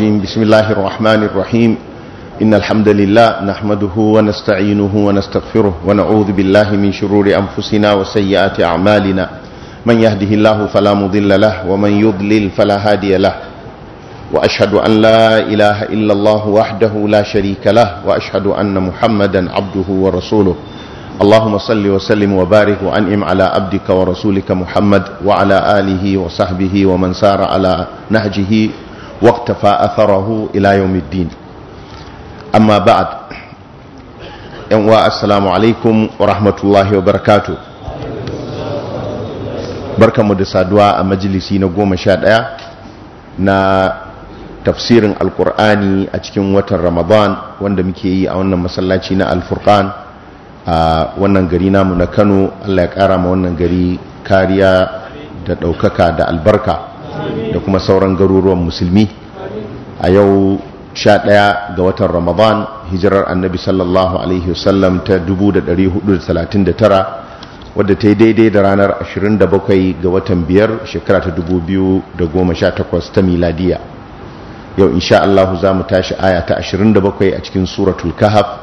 الرجيم بسم الله الرحمن الرحيم إن الحمد لله نحمده ونستعينه ونستغفره ونعوذ بالله من شرور أنفسنا وسيئات أعمالنا من يهده الله فلا مضل له ومن يضلل فلا هادي له وأشهد أن لا إله إلا الله وحده لا شريك له وأشهد أن محمدا عبده ورسوله اللهم صل وسلم وبارك وأنعم على عبدك ورسولك محمد وعلى آله وصحبه ومن سار على نهجه waktafa atharahu ila yawmiddin amma ba'd yan uwa asalamu alaikum wa rahmatullahi wa barka mu da saduwa a majalisi na goma sha ɗaya na tafsirin alkur'ani a cikin watan ramadan wanda muke yi a wannan masallaci na alfurkan a wannan gari namu na kano allah ya kara ma wannan gari kariya da ɗaukaka da albarka da kuma sauran garuruwan musulmi a yau sha 11 ga watan ramadan hijirar annabi sallallahu alaihi wasallam ta 1439 wadda ta yi daidai da ranar 27 ga watan biyar shekara ta 2018 ta miladiya yau insha Allah za mu tashi aya ta 27 a cikin suratul kahaf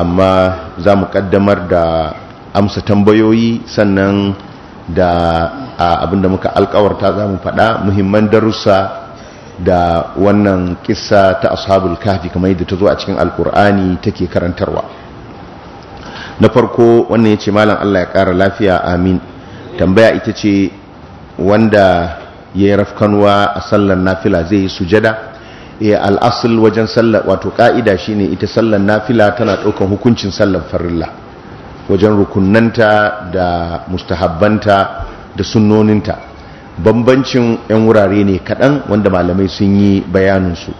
amma za mu kaddamar da amsa tambayoyi sannan da abinda muka alkawarta za mu faɗa muhimman darussa da wannan kissa ta ashabul kahfi kamar yadda ta zo a cikin alkur'ani take karantarwa na farko wannan ya ce malam Allah ya ƙara lafiya amin tambaya ita ce wanda ya yi rafkanwa a sallar nafila zai yi sujada ya eh, al'asul wajen sallar wato ƙa'ida shine ita sallar nafila tana ɗaukan hukuncin sallar farilla wajen rukunanta da mustahabbanta da sunnoninta bambancin 'yan wurare ne kaɗan wanda malamai sun yi bayaninsu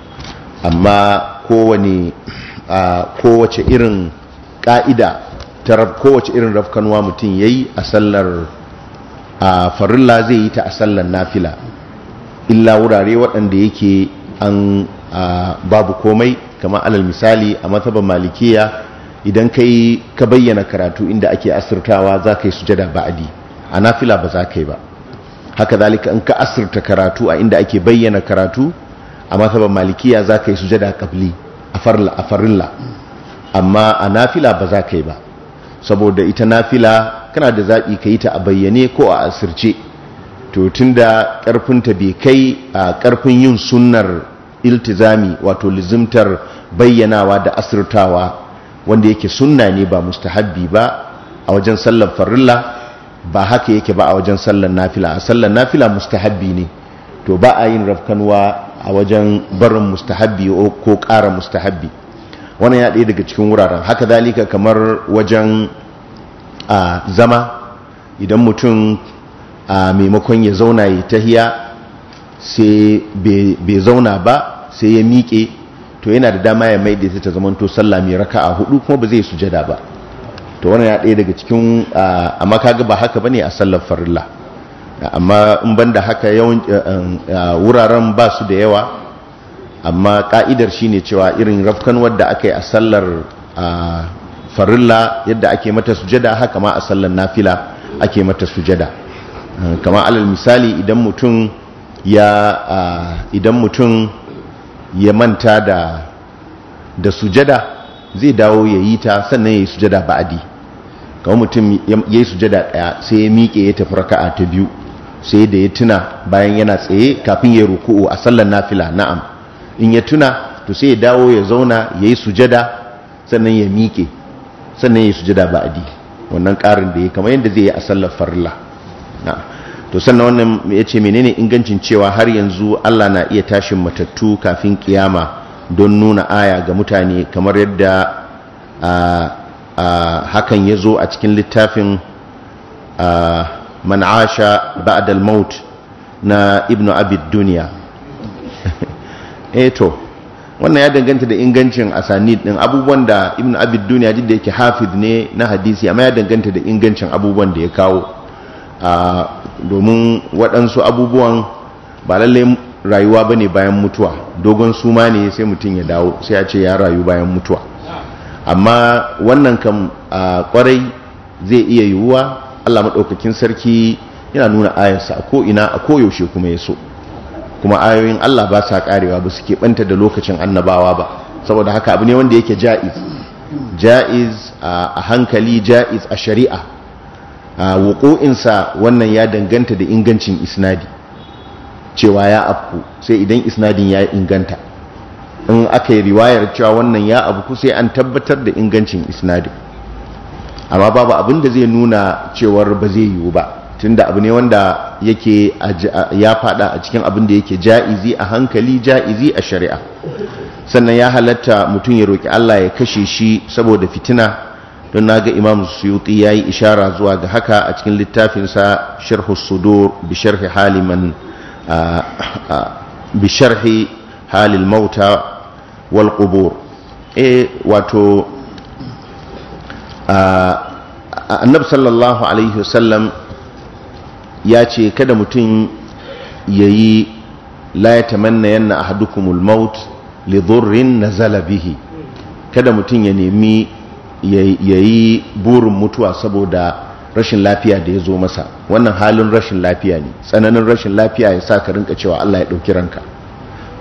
amma kowane kowace irin ƙa'ida ta kowace irin rafkanuwa mutum ya yi a sallar farilla zai yi ta a sallar nafila illa wurare waɗanda yake an babu komai kamar alal misali a matsabar malikiya idan ka yi ka bayyana karatu inda ake asirtawa za ka yi sujada ba'adi a nafila ba za ka yi ba haka zalika in ka asirta karatu a inda ake bayyana karatu a mazhaban malikiya za ka yi sujada kabli a farilla amma a nafila ba za ka yi ba saboda ita nafila kana da zaɓi ka yi ta a bayyane ko a asirce to tun tunda ƙarfinta bai kai a ƙarfin yin sunnar iltizami wato lizimtar bayyanawa da asirtawa wanda yake sunna ne ba mustahabbi ba a wajen sallar farilla ba haka yake ba a wajen sallar nafila a sallar nafila mustahabbi ne to ba a yin rafkanwa a wajen barin mustahabbi ko ƙara mustahabbi wannan ya ɗaya daga cikin wuraren haka zalika kamar wajen a zama idan mutum a maimakon ya zauna ya tahiya sai bai zauna ba sai ya miƙe to yana da dama ya maida ta zamanto sallah mai raka'a hudu kuma ba zai sujada ba to wannan ya ɗaya daga cikin amma kaga ba haka bane a sallar farilla amma in banda haka yawan wuraren ba su da yawa amma ka'idar shine cewa irin rafkan wadda aka yi a sallar farilla yadda ake mata sujada haka ma a sallar nafila ake mata sujada kama alal misali idan mutum ya idan mutum ya manta da sujada zai dawo ya yi ta sannan ya yi sujada ba'adi kawai mutum ya yi sujada daya sai ya miƙe ya tafi raka'a ta biyu sai da ya tuna bayan yana tsaye kafin ya ruku'u a sallar nafila na'am in ya tuna to sai ya dawo ya zauna ya yi sujada sannan ya miƙe sannan ya yi sujada ba'adi wannan ƙarin da ya kama yadda zai yi a sallar farilla na'am to sannan wannan ya ce menene ingancin cewa har yanzu Allah na iya tashin matattu kafin kiyama don nuna aya ga mutane kamar yadda hakan ya zo a cikin littafin man'asha al maut na ibnu abid duniya eto eh wannan ya danganta da ingancin asanid ɗin abubuwan da ibnu abid duniya jidda yake hafiz ne na hadisi amma ya danganta da ingancin abubuwan da ya kawo domin waɗansu abubuwan ba lalle rayuwa ba ne bayan mutuwa dogon suma ne sai mutum ya dawo sai ya ce ya rayu bayan mutuwa amma wannan kam kwarai zai iya yiwuwa allah maɗaukakin sarki yana nuna ayarsa a ko'ina a koyaushe kuma ya so kuma ayoyin allah ba sa karewa ba su keɓanta da lokacin annabawa ba saboda haka abu ne wanda yake ja'iz ja'iz a hankali ja'iz a shari'a wuƙo'insa wannan ya danganta da ingancin isnadi cewa ya afku sai idan isnadin ya inganta in aka yi riwayar cewa wannan ya afku sai an tabbatar da ingancin isnadi. amma babu abin da zai nuna cewar ba zai yiwu ba tunda abu ne wanda yake ya fada a cikin abin da yake ja'izi a hankali ja'izi a shari'a sannan ya halatta mutum ya roƙi Allah ya kashe shi saboda fitina don na ga imam suyuti ya yi ishara zuwa ga haka a cikin littafinsa sharhu sudur bi sharhi haliman halil mauta wal qubur eh wato annabi sallallahu alaihi wasallam ya ce kada mutum ya yi na manna tamanna a ahadukumul maut li na zalabihi kada mutum ya nemi ya yi burin mutuwa saboda rashin lafiya da ya zo masa wannan halin rashin lafiya ne tsananin rashin lafiya ya sa ka rinka cewa Allah ya ɗauki ranka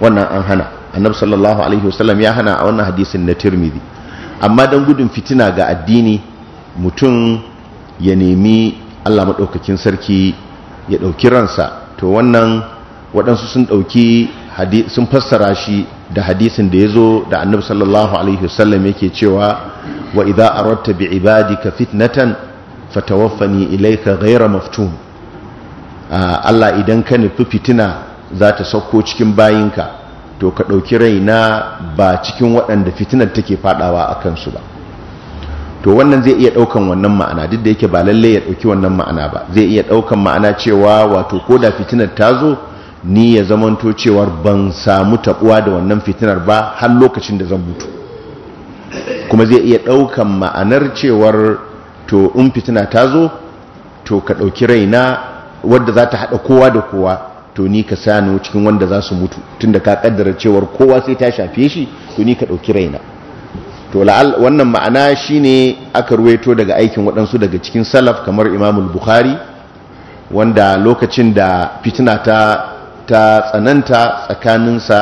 wannan an hana annabi sallallahu alaihi wasallam ya hana a wannan hadisin na tirmidhi amma don gudun fitina ga addini mutum ya nemi Allah maɗaukakin sarki ya ɗauki ransa to wannan waɗansu sun ɗauki sun fassara shi da hadisin da ya zo da annabi sallallahu alaihi wasallam yake cewa wa idza aradta bi ibadika fitnatan fatawaffani ilayka ghayra maftun Allah idan ka nufi fitina za ta sauko cikin bayinka to ka ɗauki raina ba cikin waɗanda fitinar take fadawa a kansu ba to wannan zai iya ɗaukan wannan ma'ana duk da yake ba lalle ya ɗauki wannan ma'ana ba zai iya ɗaukan ma'ana cewa wato ko da fitinar ta zo ni ya zamanto cewar ban samu tabuwa da wannan fitinar ba har lokacin da zan mutu kuma zai iya daukan ma'anar cewar to in fitina ta zo to ka dauki raina wadda za ta hada kowa da kowa to ni ka sani cikin wanda za su mutu tunda ka kaddara cewar kowa sai ta shafe shi to ni ka dauki raina to la'al wannan ma'ana shine aka ruwaito daga aikin waɗansu daga cikin salaf kamar imamul bukhari wanda lokacin da fitina ta ta tsananta tsakaninsa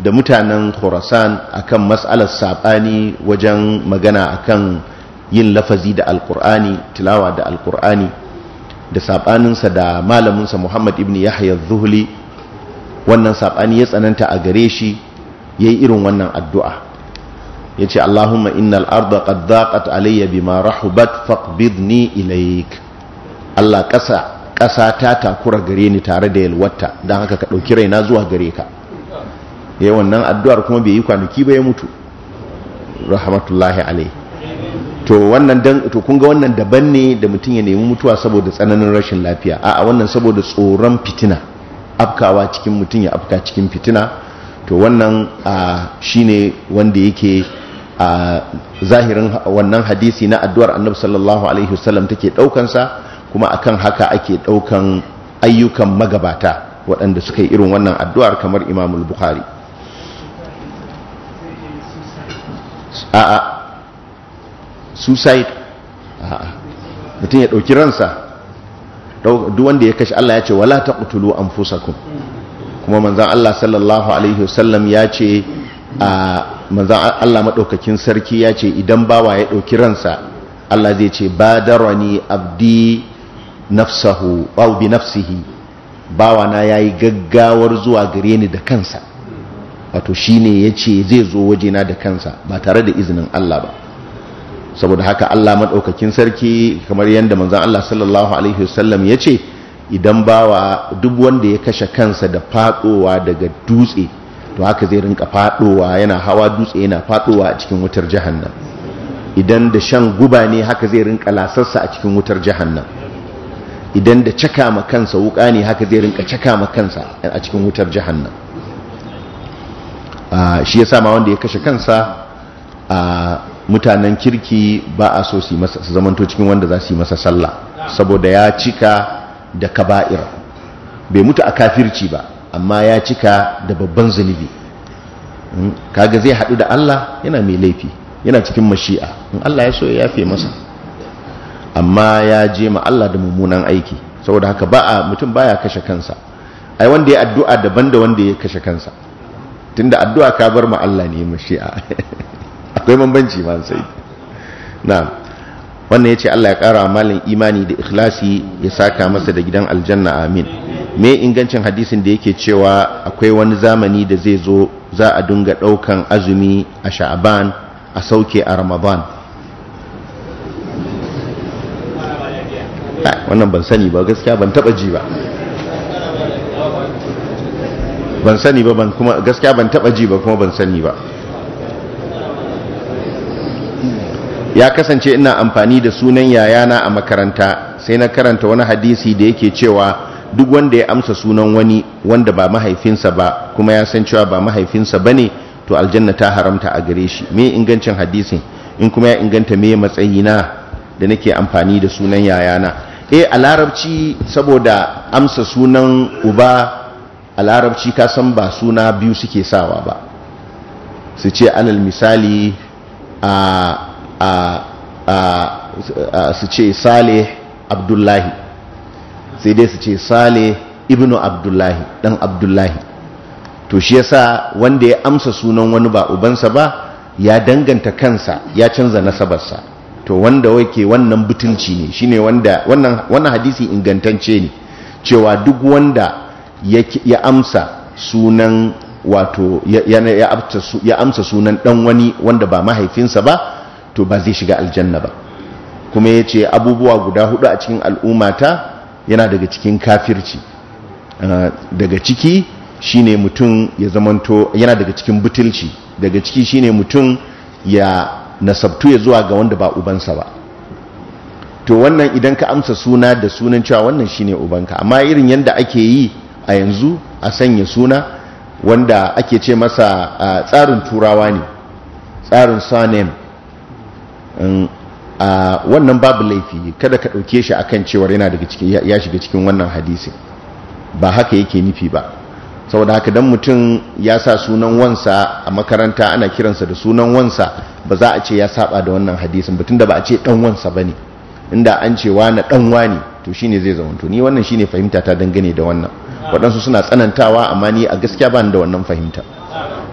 da mutanen khurasan akan matsalar saɓani wajen magana akan yin lafazi da alkur'ani tilawa da alkur'ani da saɓaninsa da malaminsa muhammad ibn yahya zuhuli wannan saɓani ya tsananta a gare shi ya yi irin wannan addu'a ya ce allahumma innal arda qad dhaqat alayya bima rahubat faqbidni ilaik allah ƙasa ƙasa ta takura gare ni tare da yalwata don haka ka ɗauki raina zuwa gare ka yayi wannan addu'ar kuma bai yi kwanaki ba ya mutu rahmatullahi alai to wannan dan to kun wannan daban ne da mutum ya nemi mutuwa saboda tsananin rashin lafiya a'a wannan saboda tsoron fitina afkawa cikin mutum ya afka cikin fitina to wannan shi ne wanda yake a zahirin wannan hadisi na addu'ar annabi sallallahu alaihi wasallam take ɗaukansa kuma akan haka ake ɗaukan ayyukan magabata waɗanda suka yi irin wannan addu'ar kamar imamul bukhari a'a suicide a mutum ya ɗauki ransa duk wanda ya kashe Allah ya ce wala ta an anfusakum kuma manzan Allah sallallahu alaihi wasallam ya ce a manzan Allah maɗaukakin sarki ya ce idan bawa ya ɗauki ransa Allah zai ce ba badarani abdi nafsahu aw bi nafsihi bawana yayi gaggawar zuwa gare ni da kansa wato shine yace zai zo waje na da kansa ba tare da izinin Allah ba saboda haka Allah madaukakin sarki kamar yanda manzon Allah sallallahu alaihi wasallam yace idan bawa duk wanda ya kashe kansa da fadowa daga dutse to haka zai rinka fadowa yana hawa dutse yana fadowa a cikin wutar jahannam idan da shan guba ne haka zai rinka lasarsa a cikin wutar jahannam idan da caka ma kansa wuka ne haka zai rinka caka ma kansa a cikin wutar nan, ah, shi yasa ma wanda ya kashe kansa a mutanen kirki ba a so su zamanto cikin wanda za su yi masa sallah saboda ya cika da kaba'ir bai mutu a kafirci ba amma ya cika da babban zunubi hmm, kaga zai haɗu da Allah yana mai laifi yana cikin mashi'a in Allah ya so ya yafe masa amma ya je ma Allah da mummunan aiki saboda haka ba a mutum baya kashe kansa ai wanda ya addu'a daban da wanda ya kashe kansa tunda addu'a ka bar ma Allah ne shi'a akwai bambanci ma sai na'am wannan yace Allah ya kara malin imani da ikhlasi ya saka masa da gidan aljanna amin me ingancin hadisin da yake cewa akwai wani zamani da zai zo za a dinga daukan azumi a sha'aban a sauke a ramadan wannan ban sani ba gaskiya ban taba ji ba ban sani ba kuma gaskiya ban taba ji ba kuma ban sani ba ya kasance ina amfani da sunan yayana a makaranta sai na karanta wani hadisi da yake cewa duk wanda ya amsa sunan wani wanda ba mahaifinsa ba kuma ya san cewa ba mahaifinsa ba ne to aljanna ta haramta a gare shi me ingancin hadisin in kuma ya inganta me matsayina da nake amfani da sunan yayana eh a larabci saboda amsa sunan uba a larabci ka san ba suna biyu suke sawa ba su ce anal misali a a a su ce sale abdullahi sai dai su ce sale ibnu abdullahi dan abdullahi to shi yasa wanda ya amsa sunan wani ba ubansa ba ya danganta kansa ya canza nasabarsa to wanda wake wannan butulci ne shine wanda wannan wannan hadisi ingantacce ne cewa duk wanda ya amsa sunan wato ya amsa sunan dan wani wanda ba mahaifinsa ba to ba zai shiga aljanna ba kuma ya ce abubuwa guda hudu a cikin al'ummata yana daga cikin kafirci ah, daga ciki shine mutum ya zamanto yana daga cikin butulci daga ciki shine mutum ya nasabtu ya zuwa ga wanda ba ubansa ba to wannan idan ka amsa suna da sunan cewa wannan shine ubanka amma irin yadda ake yi a yanzu a sanya suna wanda ake ce masa tsarin turawa ne tsarin surname a wannan babu laifi kada ka ɗauke shi akan cewar yana daga ya shiga cikin wannan hadisi ba haka yake nufi ba saboda haka don mutum ya sa sunan wansa a makaranta ana kiransa da sunan wansa ba za a ce ya saba da wannan hadisin batun da ba a ce dan wansa ba ne inda an ce wani dan wani to shine zai zamanto ni wannan shine fahimta ta dangane da wannan waɗansu suna tsanantawa amma ni a gaskiya ba da wannan fahimta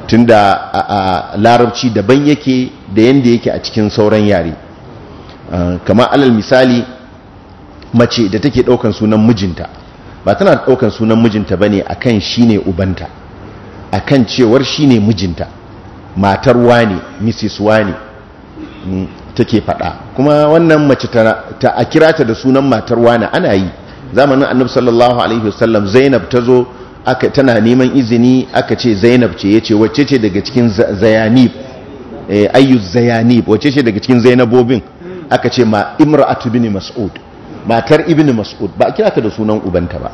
tunda a larabci daban yake da yanda yake a cikin sauran yare kamar alal misali mace da take ɗaukan sunan mijinta ba tana ɗaukar sunan mijinta ba ne a kan shi ne ubanta a cewar shi ne mijinta matar wani mrs wani mm, take faɗa kuma wannan mace ta a kira ta da sunan matar wani ana yi zamanin annabi sallallahu alaihi wasallam zainab ta zo aka tana neman izini aka ce zainab ce ya ce wacce ce daga cikin zayanib eh, ayyuz zayanib wacce ce daga cikin zainabobin aka ce ma imra'atu bin mas'ud matar ibini mas'ud ba a kira ta da sunan ubanta ba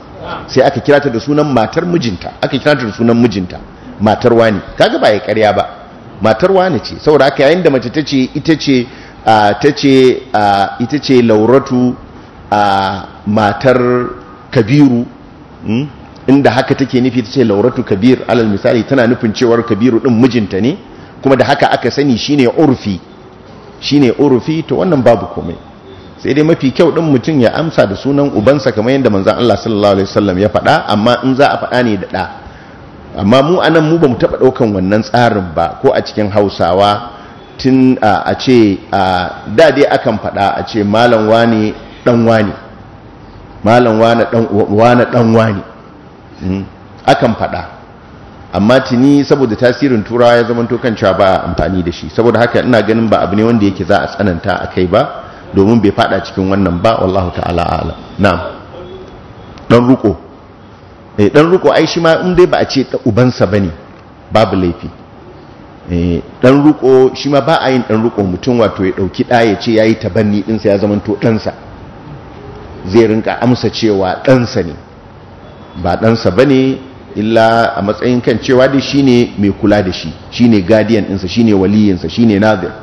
sai aka kira ta da sunan matar mijinta aka kira ta da sunan mijinta matar wani kaga ba ya karya ba matar wani ce saboda haka yayin da mace ta ce ita ce ita ce lauratu matar kabiru hmm? inda haka take nufi ta ce lauratu kabir alal misali tana nufin cewar kabiru din mijinta ne kuma da haka aka sani shine urfi shine urfi to wannan babu komai sai dai mafi kyau din mutum ya amsa da sunan ubansa kamar yadda manzan Allah sallallahu alaihi wasallam ya faɗa amma in za a faɗa ne da ɗa amma mu anan mu bamu taɓa ɗaukan wannan tsarin ba ko a cikin Hausawa tun a ce da dai akan faɗa a ce malam wani ɗan wani malam wani ɗan wani hmm, akan faɗa amma tuni saboda tasirin turawa ya zama tokan cewa ba amfani da shi saboda haka ina ganin ba abu ne wanda yake za a tsananta a kai ba domin bai fada cikin wannan ba wallahu ta'ala ala na'am dan ruko eh dan ruko ai shi ma in dai ba a ce ta ubansa bane babu laifi eh dan ruko shi ma ba a yin dan ruko mutum wato ya dauki da ya ce yayi tabanni din sa ya zamanto dan sa zai rinka amsa cewa dan sa ne ba dan sa bane illa a matsayin kan cewa da shi mai kula da shi shi ne guardian ɗinsa shi ne waliyin shi ne nazir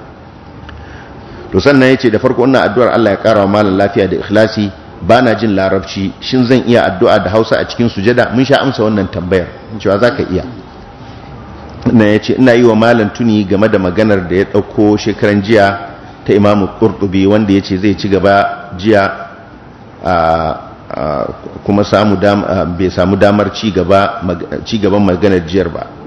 to sannan ya ce da farko ina addu'ar Allah ya ƙara wa malam lafiya da ikhlasi na jin larabci shin zan iya addu'a da Hausa a cikin sujada mun sha amsa wannan tambayar cewa ka iya na ce ina yi wa malam tuni game da maganar da ya ɗauko shekaran jiya ta Imam ƙurɗubi wanda ya ce zai ci gaba jiya kuma bai samu damar ci gaban maganar jiyar ba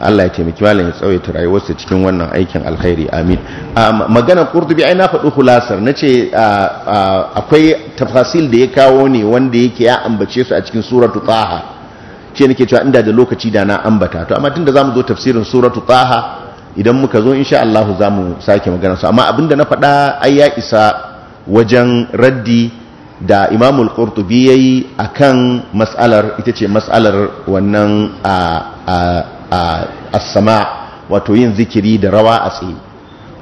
Allah ya taimaki malam ya ta rayuwarsa cikin wannan aikin alkhairi amin ah, magana qurtubi ai na faɗi hulasar nace ah, ah, akwai tafasil da ya kawo ne wanda yake ya ambace su a cikin suratu taha ce nake cewa inda da lokaci da na ambata to amma tunda zamu zo tafsirin suratu taha idan muka zo insha Allah zamu sake magana su amma abinda na faɗa ai ya isa wajen raddi da imamul qurtubi yayi akan mas'alar ita ce mas'alar wannan a sama wato yin zikiri da rawa a tsaye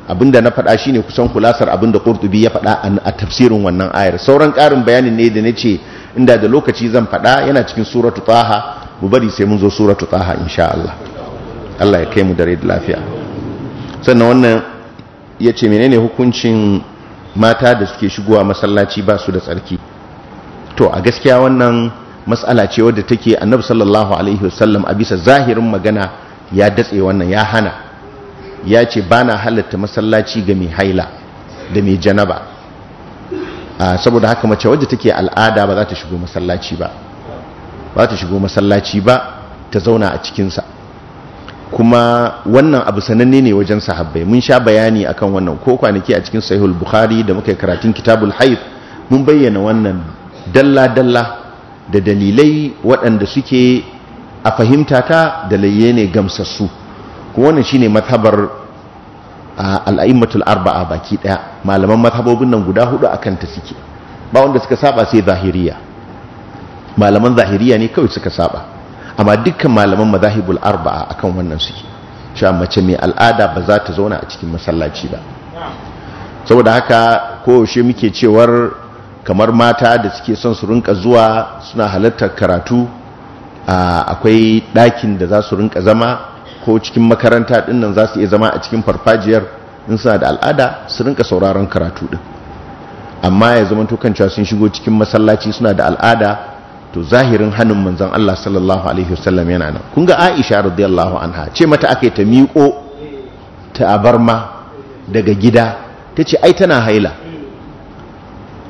abinda na faɗa shine kusan kulasar abinda Qurtubi ya faɗa a tafsirin wannan ayar sauran karin bayanin ne da nace inda da lokaci zan faɗa yana cikin suratu taha mu bari sai mun zo suratu taha insha Allah Allah ya kai mu dare da lafiya sannan wannan yace menene hukuncin mata da suke shigowa masallaci ba su da tsarki to a gaskiya wannan matsala ce wadda take annabi sallallahu alaihi wasallam a bisa zahirin magana ya datse wannan ya hana ya ce ba na halatta masallaci ga mai haila da mai janaba saboda haka mace wadda take al'ada ba za ta shigo masallaci ba ba ta shigo masallaci ba ta zauna a cikinsa kuma wannan abu sananne ne wajen sahabbai mun sha bayani akan wannan ko kwanaki a cikin sahihul bukhari da muka yi karatun kitabul haif mun bayyana wannan dalla dalla da dalilai waɗanda suke a fahimta ta laye ne gamsassu kuma wannan shine mathabar al'aimmatul arba'a baki ɗaya. malaman mathabobin nan guda hudu a ta suke ba wanda suka saba sai zahiriya malaman zahiriya ne kawai suka saba amma dukkan malaman mazahibul arba'a akan wannan suke Sha mace mai al'ada ba za ta zauna a cikin masallaci ba saboda haka ko muke cewar kamar mata da suke son su rinka zuwa suna halartar karatu akwai ɗakin da za su rinka zama ko cikin makaranta ɗinnan nan za su iya zama a cikin farfajiyar in suna da al'ada su rinka sauraron karatu ɗin amma ya zama tukan sun shigo cikin masallaci suna da al'ada to zahirin hannun manzan Allah sallallahu alaihi wasallam yana nan kun ga Aisha radiyallahu anha ce mata aka ta miƙo ta abarma daga gida ta ce ai tana haila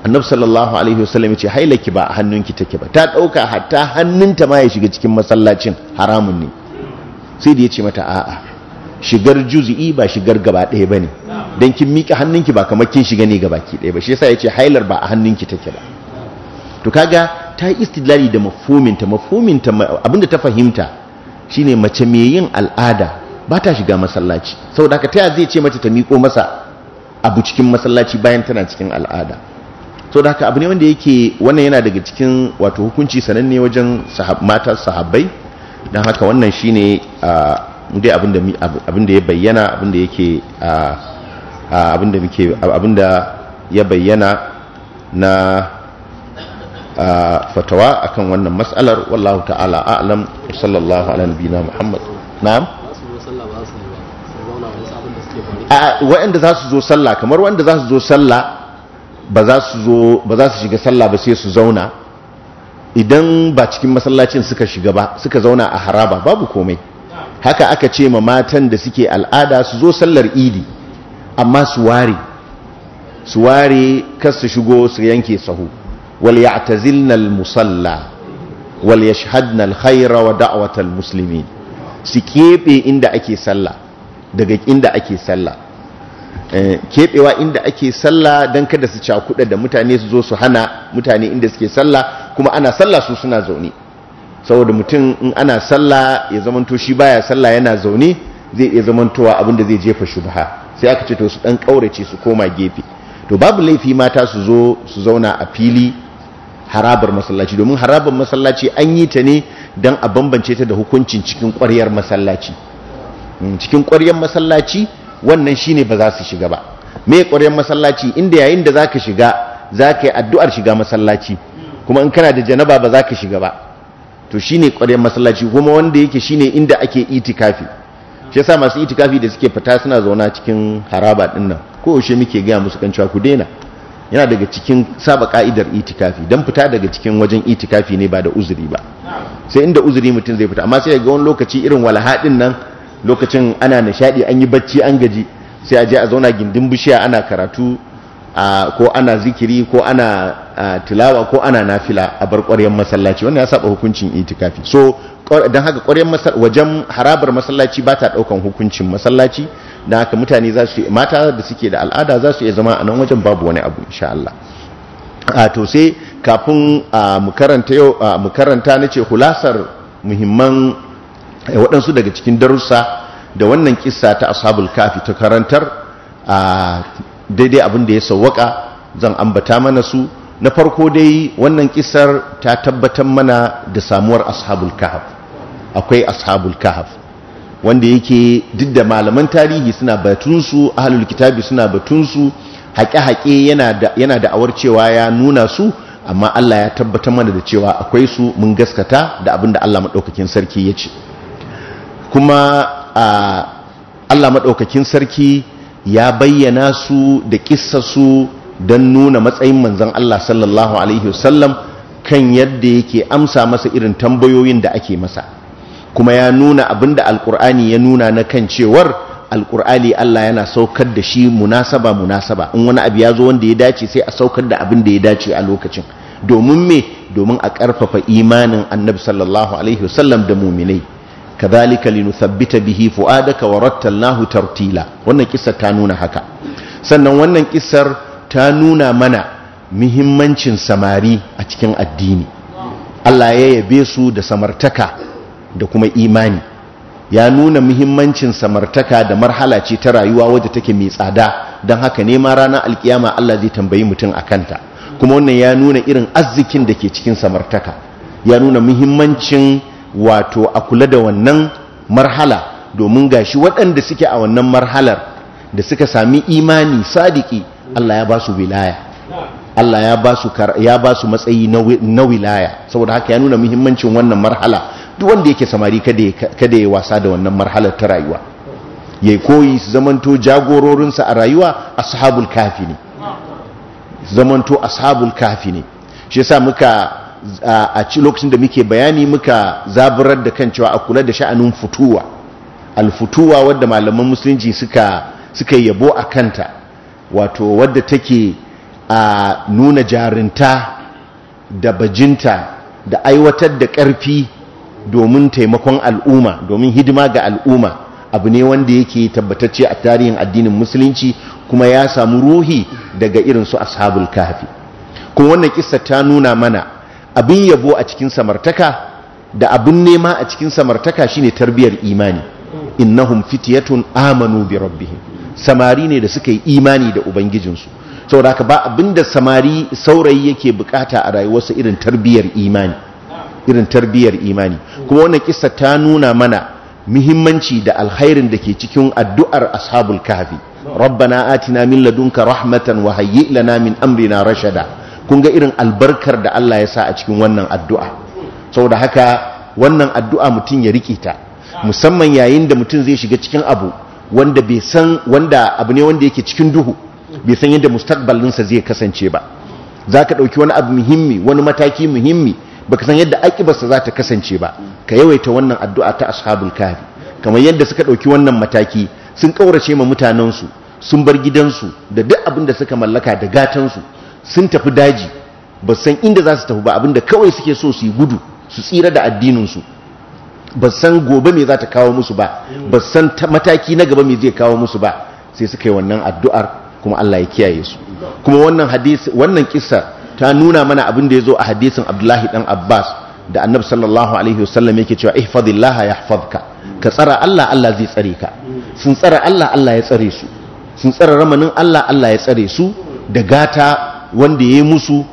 annabi sallallahu alaihi wasallam yace hailaki ba a hannunki take ba ta dauka hatta hannunta ma ya shiga cikin masallacin haramun ne sai da yace mata a'a shigar juz'i ba shigar gaba ɗaya bane dan kin mika hannunki ba kamar kin shiga ne ki ɗaya ba shi yasa yace hailar ba a hannunki take ba to kaga ta yi istidlali da mafhumin ta abinda ta fahimta shine mace mai yin al'ada ba ta shiga masallaci saboda haka ta zai ce mata ta miƙo masa abu cikin masallaci bayan tana cikin al'ada to da haka abu ne wanda yake wannan yana daga cikin wato hukunci sananne wajen matar sahabbai don haka wannan shi ne dai abinda ya bayyana abinda yake abinda ya bayyana na fatawa akan wannan matsalar wallahu ta'ala a'lam sallallahu ala na muhammad na'am wa'anda za su zo sallah kamar waɗanda za su zo sallah ba za su shiga sallah ba sai su zauna idan ba cikin masallacin suka shiga ba suka zauna a haraba babu komai haka aka ce ma matan da suke al'ada su zo sallar idi amma su ware su ware kar su shigo su yanke sahu wal ta al musalla wal ya shahadnal khayra wa da'watal muslimin su keɓe inda ake sallah daga inda ake sallah Eh, keɓewa inda ake sallah don kada su cakuɗa da mutane su zo su hana mutane inda suke sallah kuma ana sallah su suna zaune saboda mutum in ana sallah ya zamanto shi baya sallah yana zaune zai iya zamantowa abinda zai jefa shubha sai aka ce to su ɗan ƙaurace su koma gefe to babu laifi mata su zo su zauna a fili harabar masallaci domin harabar masallaci an yi ta ne don a bambance ta da hukuncin cikin ƙwaryar masallaci hmm, cikin ƙwaryar masallaci wannan shine ba za su shiga ba me ƙwaryen masallaci inda yayin da zaka shiga zakayi yi addu'ar shiga masallaci kuma in kana da janaba ba ka shiga ba to shine ƙwaryen masallaci kuma wanda yake shine inda ake itikafi shi yasa masu itikafi da suke fita suna zauna cikin haraba ɗinnan nan ko yaushe muke gaya musu kan cewa ku daina yana daga cikin saba ka'idar itikafi dan fita daga cikin wajen itikafi ne ba da uzuri ba sai inda uzuri mutum zai fita amma sai ga wani lokaci irin walha nan lokacin ana nishadi an yi bacci an gaji sai a je a zauna gindin bishiya ana karatu ko ana zikiri ko ana tilawa ko ana nafila a bar ƙwaryen masallaci wannan ya saba hukuncin itikafi so don haka ƙwaryen masallaci wajen harabar masallaci ba ta ɗaukan hukuncin masallaci don haka mutane za su yi mata da suke da al'ada za su iya zama a nan wajen babu wani abu insha Allah a to sai kafin mu karanta na ce hulasar muhimman Eh, waɗansu daga cikin darussa da wannan kisa ta ashabul kafi ta karantar a daidai abin da ya sauwaka zan ambata mana su na farko dai wannan kisar ta tabbatar mana da samuwar ashabul kahf akwai ashabul kahaf wanda yake duk da malaman tarihi suna batunsu ahalul kitabi suna batunsu haƙe-haƙe yana da awar cewa ya nuna su amma Allah ya tabbatar mana da cewa akwai su mun gaskata da abin da Allah maɗaukakin sarki ya ce kuma a Allah maɗaukakin sarki ya bayyana su da su don nuna matsayin manzan Allah sallallahu Alaihi wasallam kan yadda yake amsa masa irin tambayoyin da ake masa kuma ya nuna abinda alkur'ani ya nuna na kan cewar alkur'ani Allah yana saukar da shi munasaba munasaba in wani abu ya zo wanda ya dace sai a saukar da abin da ya dace a lokacin domin me domin a ƙarfafa imanin annabi sallallahu alaihi wasallam da muminai kadhalika linuthabbita bihi fuadaka wa rattalnahu tartila wannan kissa ta nuna haka sannan wannan kissar ta nuna mana muhimmancin samari a cikin addini Allah ya yabe su da samartaka da kuma imani ya nuna muhimmancin samartaka da marhala ce ta rayuwa wadda take mai tsada don haka nema ranar alkiyama Allah zai tambayi mutum a kanta kuma wannan ya nuna irin arzikin da ke cikin samartaka ya nuna muhimmancin wato a kula da wannan marhala domin gashi waɗanda suke a wannan marhalar da suka sami imani sadiki Allah ya ba su wilaya Allah ya ba su matsayi na wilaya saboda haka ya nuna muhimmancin wannan marhala duk wanda yake samari kada ya wasa da wannan marhalar ta rayuwa yi koyi su zamanto jagororinsa a rayuwa a sahabul kafi ne zamanto ashabul kafi ne shi ya sa muka a ci lokacin da muke bayani muka zaburar da kan cewa a kula da sha'anin futuwa alfutuwa wadda malaman musulunci suka suka yabo a kanta wato wadda take a nuna jarinta da bajinta da aiwatar da ƙarfi domin taimakon al'umma domin hidima ga al'umma abu ne wanda yake tabbatacce a tarihin addinin musulunci kuma ya samu ruhi daga irin su ashabul kafi kuma wannan kissa ta nuna mana abin yabo a cikin samartaka da abin nema a cikin samartaka shine tarbiyar imani innahum fitiyatun amanu bi rabbihim samari ne da suka yi imani da ubangijinsu saboda haka ba abinda samari saurayi yake bukata a rayuwarsa irin tarbiyar imani irin tarbiyar imani kuma wannan kisa ta nuna mana muhimmanci da alkhairin da ke cikin addu'ar ashabul kahfi rabbana atina min ladunka rahmatan wa hayyi lana min amrina rashada kun ga irin albarkar da Allah ya sa a cikin wannan addu'a saboda haka wannan addu'a mutum ya riƙe ta musamman yayin da mutum zai shiga cikin abu wanda bai san wanda abu ne wanda yake cikin duhu bai san yadda mustaqbalinsa zai kasance ba za ka ɗauki wani abu muhimmi wani mataki muhimmi ba ka san yadda aƙibarsa za ta kasance ba ka yawaita wannan addu'a ta ashabul kahfi kamar yadda suka ɗauki wannan mataki sun ƙaurace ma mutanensu sun bar gidansu da duk abin da suka mallaka da gatansu sun tafi daji ba san inda za su tafi ba abinda kawai suke so su yi gudu su tsira da addininsu ba san gobe me za ta kawo musu ba ba san mataki na gaba me zai kawo musu ba sai suka yi wannan addu'ar kuma Allah ya kiyaye su kuma wannan hadisi wannan kissa ta nuna mana abin da ya zo a hadisin Abdullahi dan Abbas da Annabi sallallahu alaihi wasallam yake cewa ya yahfazka ka tsara Allah Allah zai tsare ka sun tsara Allah Allah ya tsare su sun tsara ramanin Allah Allah ya tsare su da gata wanda ya yi musu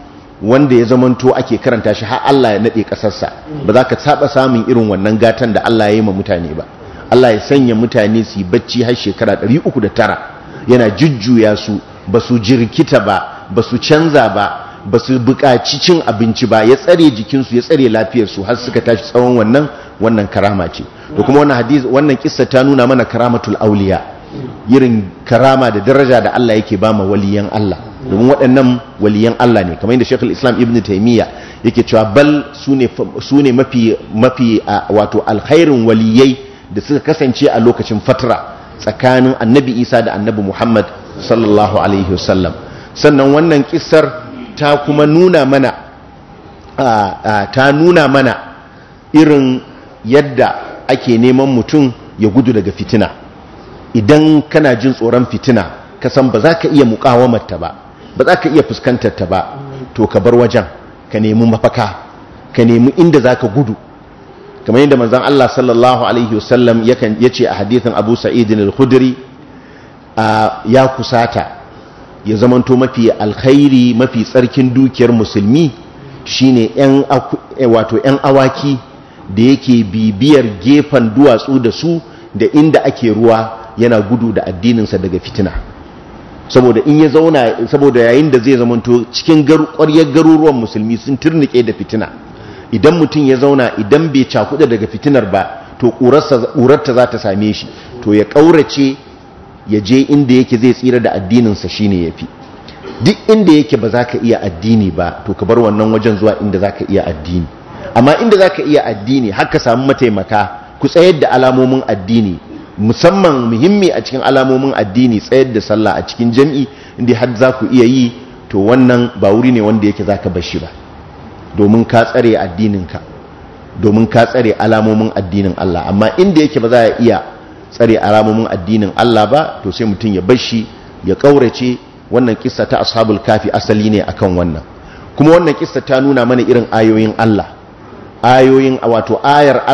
wanda ya zamanto ake karanta shi har Allah ya nade kasarsa ba za ka saba samun irin wannan gatan da Allah ya yi ma mutane ba Allah ya sanya mutane su bacci har shekara 309 yana jujjuya su ba su jirkita ba ba su canza ba ba su buƙaci cin abinci ba ya tsare jikinsu ya tsare lafiyarsu har suka tashi tsawon wannan wannan karama ce to kuma wannan hadisi wannan kissa ta nuna mana karamatul auliya Yirin karama da daraja da Allah yake ba ma waliyan Allah domin waɗannan waliyan Allah ne kamar yadda shekul Islam Ibn taimiyya yake cewa bal su ne mafi mafi wato alkhairin waliyai da suka kasance a lokacin fatra tsakanin Annabi Isa da Annabi Muhammad sallallahu alaihi wasallam sannan wannan kisar ta kuma nuna mana ta nuna mana irin yadda ake neman mutum ya gudu daga fitina idan kana jin tsoron fitina ka san ba za ka iya mukawamarta ba ba za ka iya fuskantarta ba to ka bar wajen ka nemi mafaka ka nemi inda za ka gudu kamar yadda manzan Allah sallallahu alaihi wasallam ya ce a hadithin abu sa'idin al-khudri ya kusata ya zamanto mafi alkhairi mafi tsarkin dukiyar musulmi shine eh, wato yan awaki da yake bibiyar gefen duwatsu da su da inda ake ruwa yana gudu da addininsa daga fitina saboda in ya zauna saboda yayin da zai zamanto cikin ƙwaryar garuruwan musulmi sun turnike da fitina idan mutum ya zauna idan bai cakuɗa daga fitinar ba to ƙurarta za ta same shi to ya ƙaurace ya je inda yake zai tsira da addininsa shine ya fi duk inda yake ba za ka iya addini ba to ka bar wannan wajen zuwa inda za ka iya addini amma inda za ka iya addini har ka samu mataimaka ku tsayar da alamomin addini musamman muhimmi a cikin alamomin addini tsayar da sallah a cikin jam'i inda har za ku iya yi to wannan ba wuri ne wanda yake za ka bashi ba domin ka tsare addininka domin ka tsare alamomin addinin Allah amma inda yake ba za a iya tsare alamomin addinin Allah ba to sai mutum ya bashi ya ƙaurace wannan kissa ta ashabul kafi asali ne akan wannan kuma wannan kissa ta nuna mana irin ayoyin Allah ayoyin wato ayar Allah